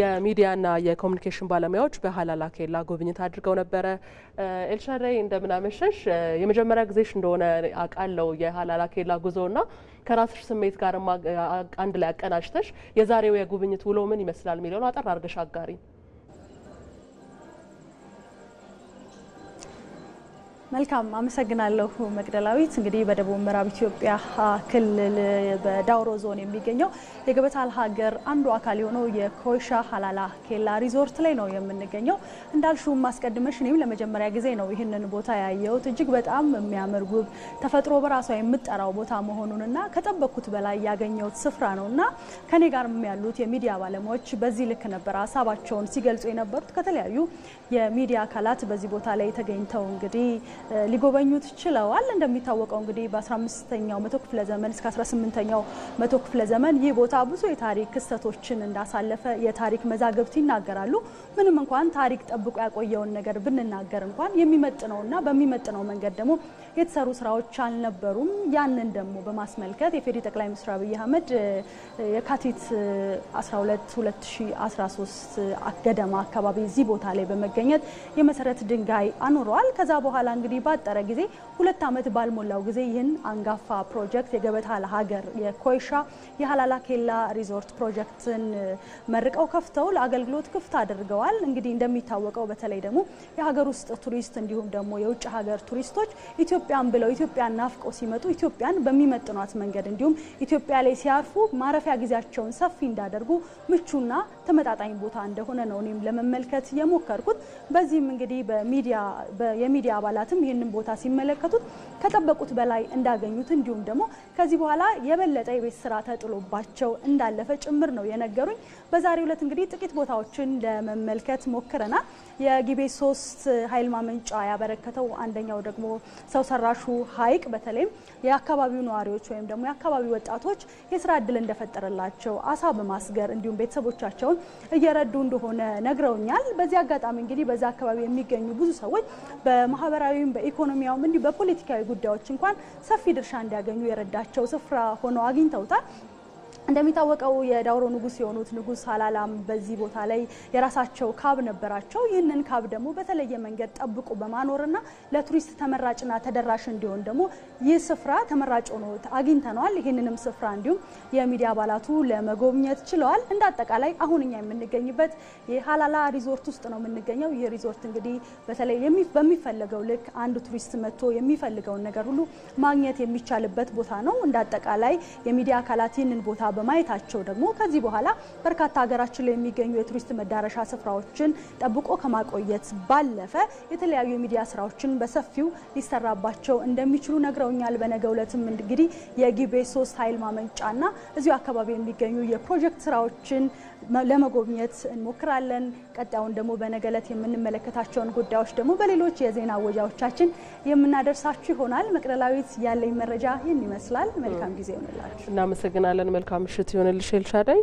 የሚዲያና የኮሚኒኬሽን ባለሙያዎች በሀላላ ኬላ ጉብኝት አድርገው ነበረ። ኤልሻዳይ እንደምናመሸሽ። የመጀመሪያ ጊዜሽ እንደሆነ አውቃለሁ የሀላላ ኬላ ጉዞና ከራስሽ ስሜት ጋር አንድ ላይ አቀናጅተሽ የዛሬው የጉብኝት ውሎ ምን ይመስላል የሚለውን አጠር አድርገሽ አጋሪ መልካም አመሰግናለሁ መቅደላዊት። እንግዲህ በደቡብ ምዕራብ ኢትዮጵያ ክልል በዳውሮ ዞን የሚገኘው የገበታል ሀገር አንዱ አካል የሆነው የኮይሻ ሀላላ ኬላ ሪዞርት ላይ ነው የምንገኘው። እንዳልሹም አስቀድመሽ እኔም ለመጀመሪያ ጊዜ ነው ይህንን ቦታ ያየሁት። እጅግ በጣም የሚያምር ውብ ተፈጥሮ በራሷ የምጠራው ቦታ መሆኑንና ከጠበቅኩት በላይ ያገኘሁት ስፍራ ነው እና ከኔ ጋርም ያሉት የሚዲያ ባለሙያዎች በዚህ ልክ ነበር ሀሳባቸውን ሲገልጹ የነበሩት። ከተለያዩ የሚዲያ አካላት በዚህ ቦታ ላይ ተገኝተው እንግዲህ ሊጎበኙት ችለዋል። እንደሚታወቀው እንግዲህ በ15ኛው መቶ ክፍለ ዘመን እስከ 18ኛው መቶ ክፍለ ዘመን ይህ ቦታ ብዙ የታሪክ ክስተቶችን እንዳሳለፈ የታሪክ መዛግብት ይናገራሉ። ምንም እንኳን ታሪክ ጠብቆ ያቆየውን ነገር ብንናገር እንኳን የሚመጥነውና በሚመጥነው መንገድ ደግሞ የተሰሩ ስራዎች አልነበሩም። ያንን ደግሞ በማስመልከት የፌዴሪ ጠቅላይ ሚኒስትር አብይ አህመድ የካቲት 12 2013 ገደማ አካባቢ እዚህ ቦታ ላይ በመገኘት የመሰረት ድንጋይ አኑረዋል። ከዛ በኋላ እንግዲህ ባጠረ ጊዜ ሁለት ዓመት ባልሞላው ጊዜ ይህን አንጋፋ ፕሮጀክት የገበታ ለሀገር የኮይሻ የሀላላ ኬላ ሪዞርት ፕሮጀክትን መርቀው ከፍተው ለአገልግሎት ክፍት አድርገዋል። እንግዲህ እንደሚታወቀው በተለይ ደግሞ የሀገር ውስጥ ቱሪስት እንዲሁም ደግሞ የውጭ ሀገር ቱሪስቶች ኢትዮጵያን ብለው ኢትዮጵያን ናፍቀው ሲመጡ ኢትዮጵያን በሚመጥኗት መንገድ እንዲሁም ኢትዮጵያ ላይ ሲያርፉ ማረፊያ ጊዜያቸውን ሰፊ እንዳደርጉ ምቹና ተመጣጣኝ ቦታ እንደሆነ ነው እኔም ለመመልከት የሞከርኩት። በዚህም እንግዲህ የሚዲያ አባላትም ምክንያቱም ይህንን ቦታ ሲመለከቱት ከጠበቁት በላይ እንዳገኙት እንዲሁም ደግሞ ከዚህ በኋላ የበለጠ የቤት ስራ ተጥሎባቸው እንዳለፈ ጭምር ነው የነገሩኝ። በዛሬ ዕለት እንግዲህ ጥቂት ቦታዎችን ለመመልከት ሞክረናል። የጊቤ ሶስት ኃይል ማመንጫ ያበረከተው አንደኛው ደግሞ ሰው ሰራሹ ሐይቅ በተለይም የአካባቢው ነዋሪዎች ወይም ደግሞ የአካባቢው ወጣቶች የስራ እድል እንደፈጠረላቸው አሳ በማስገር እንዲሁም ቤተሰቦቻቸውን እየረዱ እንደሆነ ነግረውኛል። በዚህ አጋጣሚ እንግዲህ በዛ አካባቢ የሚገኙ ብዙ ሰዎች በማህበራዊ በኢኮኖሚውም በኢኮኖሚያውም እንዲሁ በፖለቲካዊ ጉዳዮች እንኳን ሰፊ ድርሻ እንዲያገኙ የረዳቸው ስፍራ ሆነው አግኝተውታል። እንደሚታወቀው የዳውሮ ንጉስ የሆኑት ንጉስ ሃላላም በዚህ ቦታ ላይ የራሳቸው ካብ ነበራቸው። ይህንን ካብ ደግሞ በተለየ መንገድ ጠብቆ በማኖርና ለቱሪስት ተመራጭና ተደራሽ እንዲሆን ደግሞ ይህ ስፍራ ተመራጭ ሆኖ አግኝተነዋል። ይህንንም ስፍራ እንዲሁም የሚዲያ አባላቱ ለመጎብኘት ችለዋል። እንደ አጠቃላይ አሁን እኛ የምንገኝበት የሃላላ ሪዞርት ውስጥ ነው የምንገኘው። ይህ ሪዞርት እንግዲህ በተለይ በሚፈለገው ልክ አንድ ቱሪስት መጥቶ የሚፈልገውን ነገር ሁሉ ማግኘት የሚቻልበት ቦታ ነው። እንደ አጠቃላይ የሚዲያ አካላት ይህንን ቦታ በማየታቸው ደግሞ ከዚህ በኋላ በርካታ ሀገራችን ላይ የሚገኙ የቱሪስት መዳረሻ ስፍራዎችን ጠብቆ ከማቆየት ባለፈ የተለያዩ የሚዲያ ስራዎችን በሰፊው ሊሰራባቸው እንደሚችሉ ነግረውኛል። በነገ ዕለትም እንግዲህ የጊቤ ሶስት ኃይል ማመንጫና እዚሁ አካባቢ የሚገኙ የፕሮጀክት ስራዎችን ለመጎብኘት እንሞክራለን። ቀጣዩን ደግሞ በነገ ዕለት የምንመለከታቸውን ጉዳዮች ደግሞ በሌሎች የዜና ወጃዎቻችን የምናደርሳችሁ ይሆናል። መቅደላዊት፣ ያለኝ መረጃ ይህን ይመስላል። መልካም ጊዜ ይሆንላችሁ። እናመሰግናለን። መልካም ምሽት ይሆንልሽ ኤልሻዳይ።